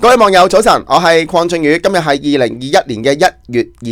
各位網友早晨，我係鄺俊宇，今日係二零二一年嘅一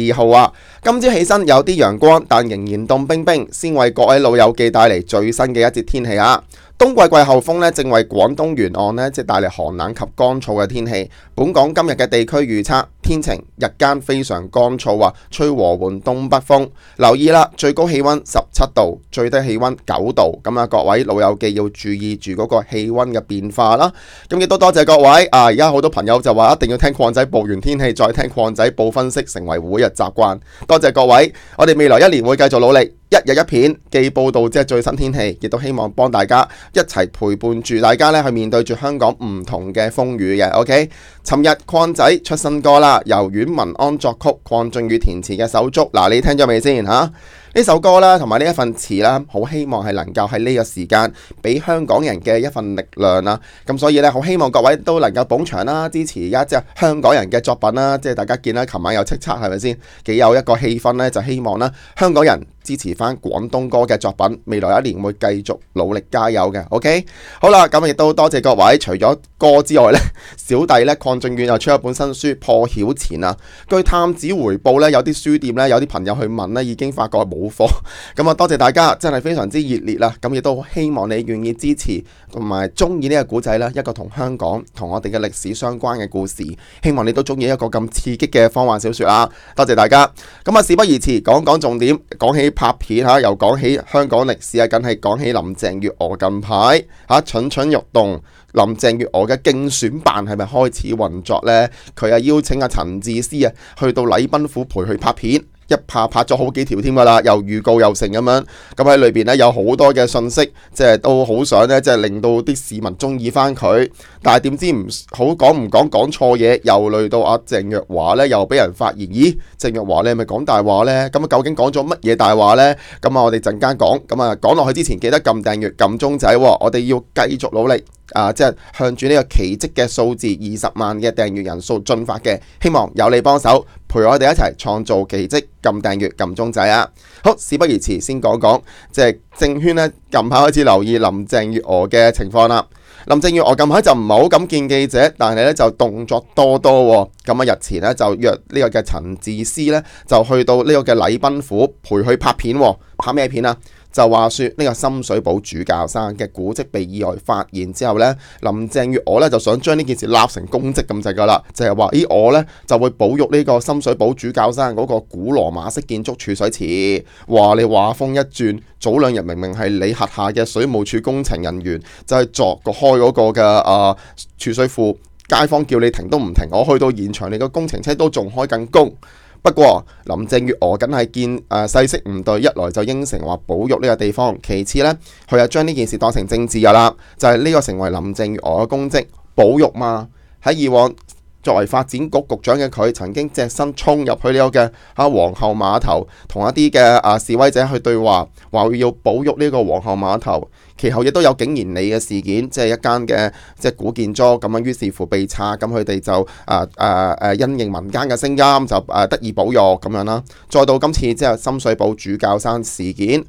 月二號啊！今朝起身有啲陽光，但仍然凍冰冰，先為各位老友記帶嚟最新嘅一節天氣啊！冬季季候風咧，正為廣東沿岸咧，即係帶嚟寒冷及乾燥嘅天氣。本港今日嘅地區預測天晴，日間非常乾燥啊，吹和緩東北風。留意啦，最高氣温十七度，最低氣温九度。咁啊，各位老友記要注意住嗰個氣温嘅變化啦。咁亦都多謝各位啊！而家好多朋友就話一定要聽鄺仔報完天氣，再聽鄺仔報分析，成為每日習慣。多謝各位，我哋未來一年會繼續努力。一日一片，既報道即係最新天氣，亦都希望幫大家一齊陪伴住大家咧，去面對住香港唔同嘅風雨嘅，OK。昨日礦仔出新歌啦，由阮文安作曲、礦俊宇填詞嘅手足，嗱你聽咗未先吓？呢、啊、首歌啦，同埋呢一份詞啦，好希望係能夠喺呢個時間俾香港人嘅一份力量啦。咁所以呢，好希望各位都能夠捧場啦，支持而家即係香港人嘅作品啦。即係大家見啦，琴晚有叱咤係咪先？幾有一個氣氛呢，就希望啦，香港人支持翻廣東歌嘅作品，未來一年會繼續努力加油嘅。OK，好啦，咁亦都多謝各位。除咗歌之外呢，小弟呢。礦。俊宇又出一本新書《破曉前》啊！據探子回報咧，有啲書店咧，有啲朋友去問咧，已經發覺係冇貨。咁 啊，多謝大家，真係非常之熱烈啦！咁亦都希望你願意支持同埋中意呢個古仔啦，一個同香港同我哋嘅歷史相關嘅故事。希望你都中意一個咁刺激嘅科幻小說啊！多謝大家。咁啊，事不宜遲，講講重點。講起拍片吓，又講起香港歷史啊，梗係講起林鄭月娥近排吓蠢蠢欲動。林鄭月娥嘅競選辦係咪開始運作呢？佢啊邀請阿陳智思啊去到禮賓府陪佢拍片，一拍拍咗好幾條添噶啦，又預告又成咁樣。咁喺裏邊呢，有好多嘅信息，即係都好想呢，即係令到啲市民中意翻佢。但係點知唔好講唔講講錯嘢，又累到阿、啊、鄭若驊呢，又俾人發現「咦？鄭若驊你係咪講大話呢？」咁啊究竟講咗乜嘢大話呢？咁啊我哋陣間講。咁啊講落去之前記得撳訂閱、撳鐘仔，我哋要繼續努力。啊，即係向住呢個奇蹟嘅數字二十萬嘅訂閱人數進發嘅，希望有你幫手陪我哋一齊創造奇蹟，撳訂閱，撳鐘仔啊！好，事不宜遲，先講講即係政圈呢，近排開始留意林鄭月娥嘅情況啦。林鄭月娥近排就唔係好敢見記者，但係咧就動作多多。咁、哦、啊，日前咧就約呢個嘅陳智思呢，就去到呢個嘅禮賓府陪佢拍片，哦、拍咩片啊？就話說呢個深水埗主教山嘅古跡被意外發現之後呢，林鄭月娥呢就想將呢件事立成功績咁滯噶啦，就係、是、話，咦，我呢就會保育呢個深水埗主教山嗰個古羅馬式建築儲水池。話你話風一轉，早兩日明明係你轄下嘅水務署工程人員就係、是、鑿、那個開嗰個嘅啊儲水庫，街坊叫你停都唔停，我去到現場你個工程車都仲開緊工。不過林鄭月娥梗係見誒勢色唔對，一來就應承話保育呢個地方，其次呢，佢又將呢件事當成政治㗎喇，就係、是、呢個成為林鄭月娥嘅功績保育嘛，喺以往。作為發展局局長嘅佢，曾經隻身衝入去呢個嘅嚇皇后碼頭，同一啲嘅啊示威者去對話，話要保育呢個皇后碼頭。其後亦都有景賢里嘅事件，即係一間嘅即係古建築咁樣，於是乎被拆，咁佢哋就啊啊誒應、啊、因應民間嘅聲音，就啊得以保育咁樣啦。再到今次即係深水埗主教山事件。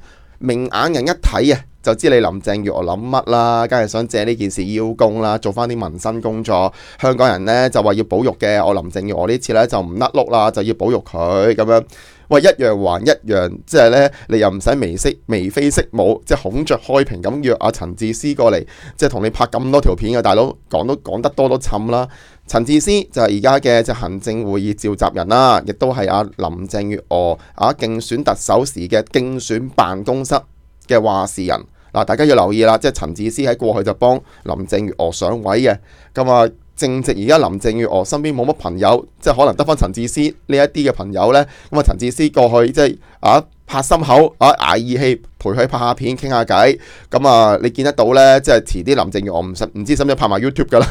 明眼人一睇啊，就知你林鄭月娥諗乜啦，梗係想借呢件事邀功啦，做返啲民生工作。香港人呢就話要保育嘅，我林鄭月娥呢次呢就唔甩碌啦，就要保育佢咁樣。喂，一樣還一樣，即係呢，你又唔使眉飛眉飛色舞，即係孔雀開屏咁約阿陳智思過嚟，即係同你拍咁多條片嘅大佬，講都講得多都沉啦。陳智思就係而家嘅行政會議召集人啦，亦都係阿林鄭月娥啊競選特首時嘅競選辦公室嘅話事人。嗱，大家要留意啦，即係陳智思喺過去就幫林鄭月娥上位嘅，咁啊。正值而家林鄭月娥身邊冇乜朋友，即係可能得翻陳智思呢一啲嘅朋友呢。咁啊，陳智思過去即係啊拍心口啊捱義氣，陪佢拍下片傾下偈。咁啊，你見得到呢？即係遲啲林鄭月娥唔唔知使唔使拍埋 YouTube 噶啦？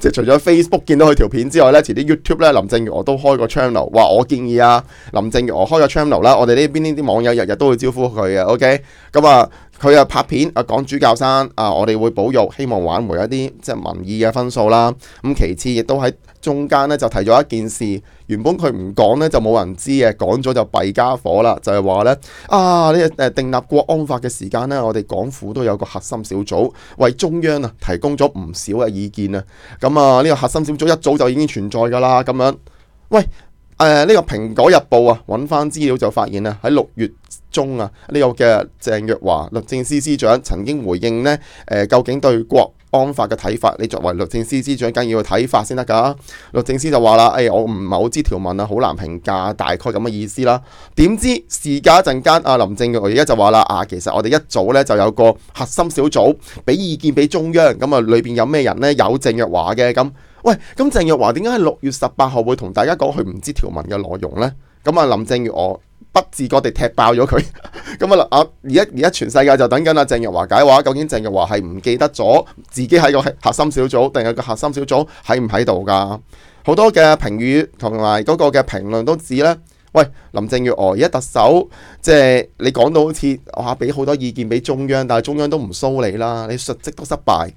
即 係除咗 Facebook 見到佢條片之外呢，遲啲 YouTube 呢，林鄭月娥都開個 channel。話我建議啊，林鄭月娥開個 channel 啦，我哋呢邊啲啲網友日日都會招呼佢嘅。OK，咁啊。佢啊拍片啊講主教山啊，我哋會保育，希望挽回一啲即係民意嘅分數啦。咁其次亦都喺中間呢，就提咗一件事，原本佢唔講呢，就冇人知嘅，講咗就弊家伙啦。就係話呢啊呢誒定立國安法嘅時間呢，我哋港府都有個核心小組為中央啊提供咗唔少嘅意見啊。咁啊呢個核心小組一早就已經存在㗎啦。咁樣喂。誒呢、uh, 這個《蘋果日報》啊，揾翻資料就發現啊，喺六月中啊，呢、這個嘅鄭若驊律政司司長曾經回應呢，誒、呃、究竟對國安法嘅睇法，你作為律政司司長，梗要睇法先得㗎。律政司就話啦，誒、哎、我唔係好知條文啊，好難評價，大概咁嘅意思啦。點知時間一陣間，阿林鄭月娥而家就話啦，啊，啊其實我哋一早呢，就有個核心小組俾意見俾中央，咁啊裏邊有咩人呢？有鄭若驊嘅咁。喂，咁鄭若驊點解喺六月十八號會同大家講佢唔知條文嘅內容呢？咁、嗯、啊，林鄭月娥不自覺地踢爆咗佢咁啊啦。阿而家而家全世界就等緊阿鄭若驊解話，究竟鄭若驊係唔記得咗自己喺個核心小組，定係個核心小組喺唔喺度噶？好多嘅評語同埋嗰個嘅評論都指呢：「喂，林鄭月娥而家特首，即、就、係、是、你講到好似話俾好多意見俾中央，但係中央都唔騷你啦，你述職都失敗，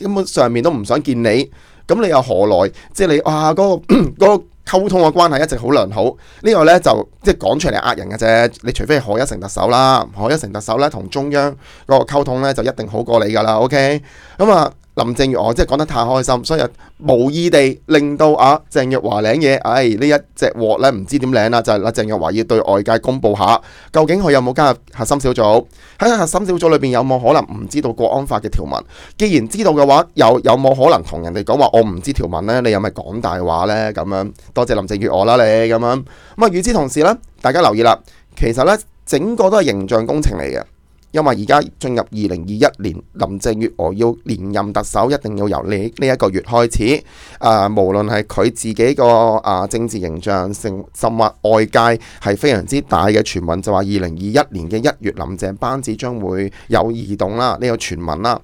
根本上面都唔想見你。」咁你又何來？即係你哇，嗰、嗰個嗰、嗰個溝通嘅關係一直好良好。呢、呢個呢就即係講出嚟呃人嘅啫。你除非係何一成特首啦，何一成特首呢同中央嗰個溝通呢就一定好過你噶啦。OK，咁啊。林鄭月娥即係講得太開心，所以無意地令到啊鄭若驊領嘢。唉、哎，呢一隻鑊咧，唔知點領啦，就係、是、啦、啊。鄭若驊要對外界公布下，究竟佢有冇加入核心小組？喺核心小組裏邊有冇可能唔知道國安法嘅條文？既然知道嘅話，有有冇可能同人哋講話我唔知條文呢，你有咪講大話呢？咁樣多謝林鄭月娥啦，你咁樣咁啊。與之同時呢，大家留意啦，其實呢，整個都係形象工程嚟嘅。因為而家進入二零二一年，林鄭月娥要連任特首，一定要由你。呢一個月開始。啊，無論係佢自己個啊政治形象，成甚至外界係非常之大嘅傳聞，就話二零二一年嘅一月，林鄭班子將會有異動啦。呢、呢個傳聞啦，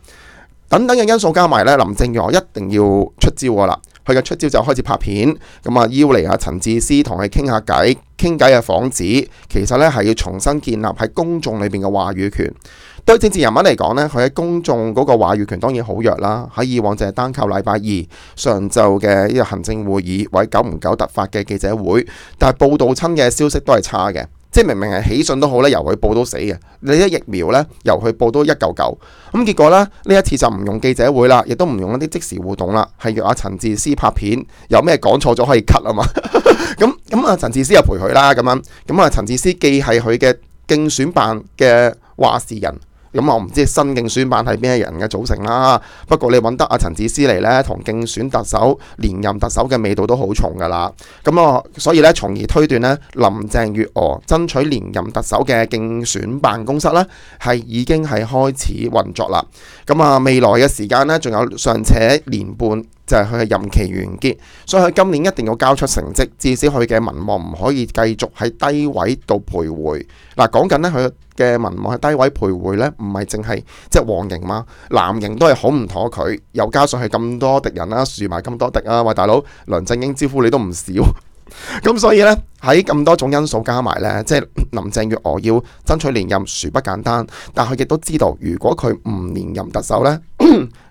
等等嘅因素加埋咧，林鄭月娥一定要出招噶啦。佢嘅出招就開始拍片。咁啊，邀嚟阿陳智思同佢傾下偈。傾偈嘅幌子，其實咧係要重新建立喺公眾裏邊嘅話語權。對政治人物嚟講呢，佢喺公眾嗰個話語權當然好弱啦。喺以往就係單靠禮拜二上晝嘅一個行政會議，或者久唔久突發嘅記者會，但係報導親嘅消息都係差嘅。即係明明係喜訊都好咧，由佢報到死嘅。你啲疫苗咧，由佢報到一嚿嚿。咁結果呢，呢一次就唔用記者會啦，亦都唔用一啲即時互動啦。係約阿陳智思拍片，有咩講錯咗可以 cut 啊嘛。咁 咁啊，陳智思又陪佢啦，咁樣。咁啊，陳智思既係佢嘅競選辦嘅話事人，咁我唔知新競選辦係咩人嘅組成啦。不過你揾得阿陳智思嚟呢，同競選特首連任特首嘅味道都好重噶啦。咁、嗯、啊，所以呢，從而推斷呢，林鄭月娥爭取連任特首嘅競選辦公室呢，係已經係開始運作啦。咁啊，未來嘅時間呢，仲有尚且年半。就係佢係任期完結，所以佢今年一定要交出成績，至少佢嘅民望唔可以繼續喺低位度徘徊。嗱、啊，講緊呢，佢嘅民望喺低位徘徊呢，唔係淨係即係黃營嘛，藍營都係好唔妥佢，又加上係咁多敵人啦，樹埋咁多敵啊，喂大佬，梁振英招呼你都唔少，咁 所以呢，喺咁多種因素加埋呢，即係林鄭月娥要爭取連任殊不簡單，但佢亦都知道如果佢唔連任特首呢。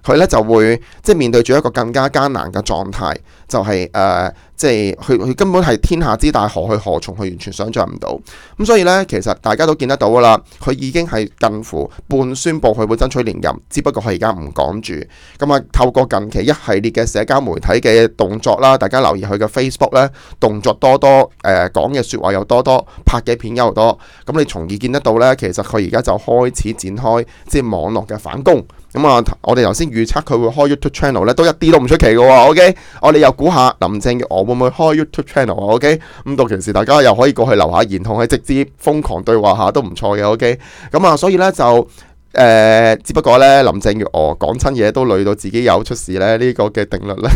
佢呢就會即係面對住一個更加艱難嘅狀態，就係、是、誒、呃，即係佢佢根本係天下之大，何去何從，佢完全想象唔到咁。所以呢，其實大家都見得到噶啦，佢已經係近乎半宣布佢會爭取連任，只不過佢而家唔講住咁啊。透過近期一系列嘅社交媒體嘅動作啦，大家留意佢嘅 Facebook 呢，動作多多，誒講嘅說話又多多，拍嘅片又多咁，你從而見得到呢，其實佢而家就開始展開即係網絡嘅反攻。咁啊，我哋頭先預測佢會開 YouTube channel 咧，都一啲都唔出奇嘅。OK，我哋又估下林鄭月娥會唔會開 YouTube channel 啊？OK，咁到其時大家又可以過去留下言，同佢直接瘋狂對話下都唔錯嘅。OK，咁啊，所以咧就誒、呃，只不過咧林鄭月娥講親嘢都累到自己有出事咧，呢、這個嘅定律咧。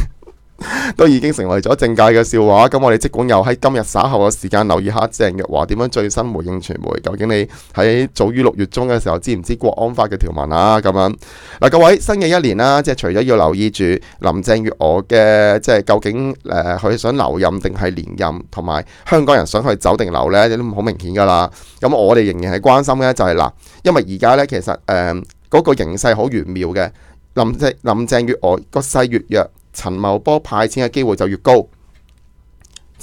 都已經成為咗政界嘅笑話。咁我哋即管又喺今日稍後嘅時間留意下鄭若驊點樣最新回應傳媒，究竟你喺早於六月中嘅時候知唔知國安法嘅條文啊？咁樣嗱、啊，各位新嘅一年啦，即係除咗要留意住林鄭月娥嘅，即係究竟誒佢、呃、想留任定係連任，同埋香港人想去走定留呢，你都好明顯噶啦。咁我哋仍然係關心咧、就是，就係嗱，因為而家呢，其實誒嗰、呃那個形勢好玄妙嘅，林鄭林鄭月娥個勢越弱。陳茂波派錢嘅機會就越高。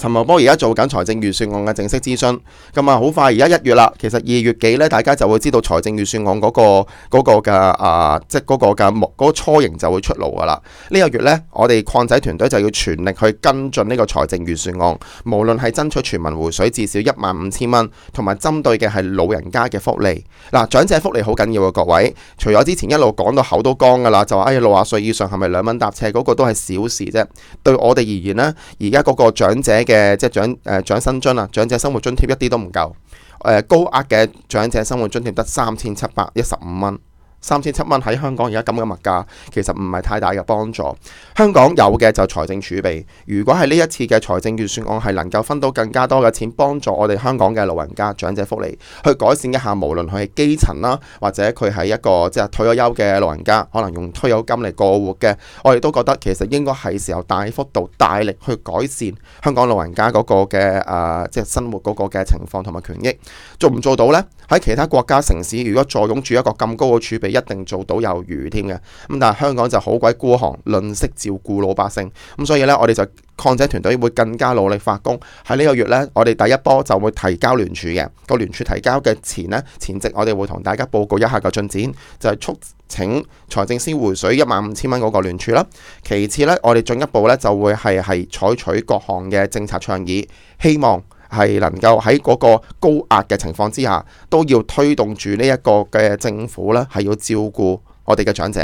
陳茂波而家做緊財政預算案嘅正式諮詢，咁啊好快而家一月啦。其實二月幾呢，大家就會知道財政預算案嗰、嗰個嘅、嗰個、啊，即係嗰個嘅目嗰個初型就會出爐㗎啦。呢個月呢，我哋礦仔團隊就要全力去跟進呢個財政預算案，無論係爭取全民回水至少一萬五千蚊，同埋針對嘅係老人家嘅福利。嗱、啊，長者福利好緊要嘅各位，除咗之前一路講到口都乾㗎啦，就話哎呀六啊歲以上係咪兩蚊搭車嗰、嗰個都係小事啫。對我哋而言呢，而家嗰個長者嘅即係長誒長生津啊，長者生活津貼一啲都唔夠，誒、呃、高額嘅長者生活津貼得三千七百一十五蚊。三千七蚊喺香港而家咁嘅物價，其實唔係太大嘅幫助。香港有嘅就財政儲備。如果係呢一次嘅財政預算案係能夠分到更加多嘅錢，幫助我哋香港嘅老人家長者福利，去改善一下無論佢係基層啦，或者佢係一個即係退咗休嘅老人家，可能用退休金嚟過活嘅，我哋都覺得其實應該係時候大幅度大力去改善香港老人家嗰個嘅誒、呃，即係生活嗰個嘅情況同埋權益，做唔做到呢？喺其他國家城市，如果坐擁住一個咁高嘅儲備，一定做到有餘添嘅。咁但係香港就好鬼孤寒，吝惜照顧老百姓。咁所以呢，我哋就抗者團隊會更加努力發工。喺呢個月呢，我哋第一波就會提交聯署嘅個聯署提交嘅前呢，前夕我哋會同大家報告一下嘅進展，就係、是、促請財政先回水一萬五千蚊嗰個聯署啦。其次呢，我哋進一步呢就會係係採取各項嘅政策倡議，希望。係能夠喺嗰個高壓嘅情況之下，都要推動住呢一個嘅政府咧，係要照顧我哋嘅長者，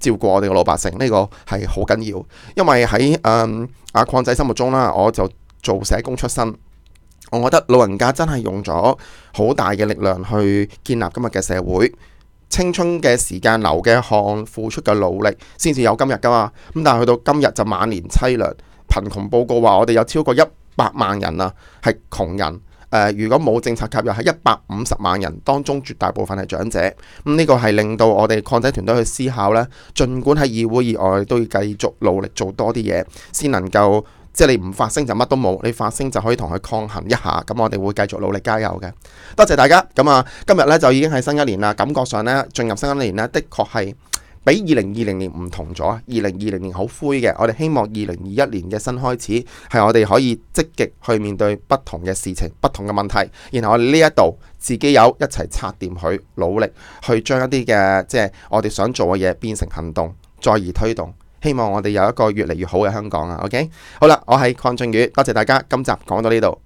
照顧我哋嘅老百姓，呢、呢個係好緊要。因為喺誒阿鄺仔心目中啦，我就做社工出身，我覺得老人家真係用咗好大嘅力量去建立今日嘅社會，青春嘅時間流嘅一汗，付出嘅努力，先至有今日噶嘛。咁但係去到今日就晚年淒涼，貧窮報告話我哋有超過一。百萬人啊，係窮人誒、呃。如果冇政策介入，係一百五十萬人當中絕大部分係長者咁。呢、嗯這個係令到我哋抗爭團隊去思考呢，儘管喺議會以外都要繼續努力做多啲嘢，先能夠即係你唔發聲就乜都冇，你發聲就可以同佢抗衡一下。咁我哋會繼續努力加油嘅。多謝大家咁啊！今日呢，就已經係新一年啦，感覺上呢，進入新一年呢，的確係。比二零二零年唔同咗啊！二零二零年好灰嘅，我哋希望二零二一年嘅新開始，係我哋可以積極去面對不同嘅事情、不同嘅問題，然後我哋呢一度自己有一齊拆掂佢，努力去將一啲嘅即係我哋想做嘅嘢變成行動，再而推動。希望我哋有一個越嚟越好嘅香港啊！OK，好啦，我係鄺俊宇，多謝大家。今集講到呢度。